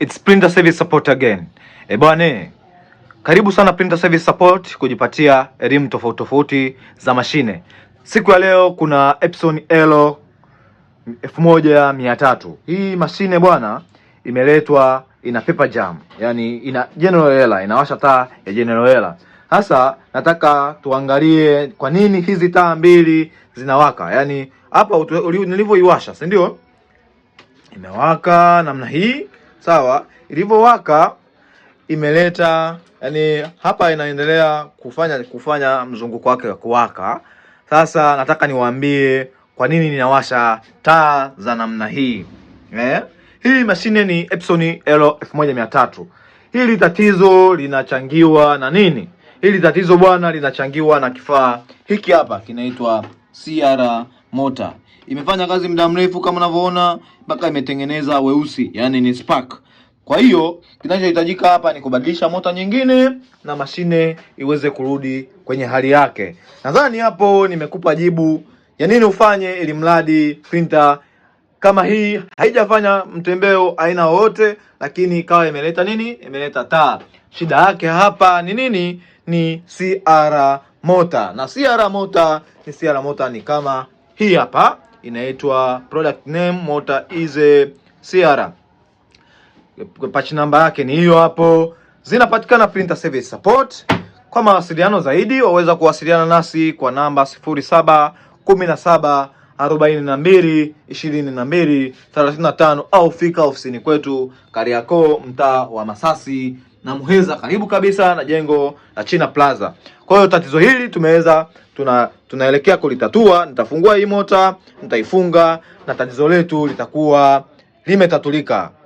It's Printer Service Support again. E bwana, karibu sana Printer Service Support kujipatia elimu tofauti tofauti za mashine. Siku ya leo kuna Epson L 1300. Hii mashine bwana imeletwa ina paper jam, yani ina general error, inawasha taa ya general error. Hasa nataka tuangalie kwa nini hizi taa mbili zinawaka. Yaani hapa nilivyoiwasha, si ndio? Imewaka namna hii sawa, ilivyowaka imeleta yani, hapa inaendelea kufanya kufanya mzunguko wake wa kuwaka. Sasa nataka niwaambie kwa nini ninawasha taa za namna hii eh? Hii mashine ni Epson L1300. Hili tatizo linachangiwa na nini? Hili tatizo bwana linachangiwa na kifaa hiki hapa kinaitwa CR motor imefanya kazi muda mrefu kama unavyoona mpaka imetengeneza weusi, yani ni spark. Kwa hiyo kinachohitajika hapa ni kubadilisha mota nyingine na mashine iweze kurudi kwenye hali yake. Nadhani hapo nimekupa jibu ya nini ufanye ili mradi printer kama hii haijafanya mtembeo aina yoyote, lakini ikawa imeleta nini, imeleta taa. Shida yake hapa ni nini? Ni CR mota, na CR mota ni CR mota ni kama hii hapa inaitwa product name motor easy CR. Patch namba yake ni hiyo hapo. Zinapatikana printer service support. Kwa mawasiliano zaidi waweza kuwasiliana nasi kwa namba 07 17 au fika ofisini kwetu Kariakoo, mtaa wa Masasi na Muheza, karibu kabisa na jengo la China Plaza. Kwa hiyo tatizo hili tumeweza tuna tunaelekea kulitatua. Nitafungua hii mota, nitaifunga na tatizo letu litakuwa limetatulika.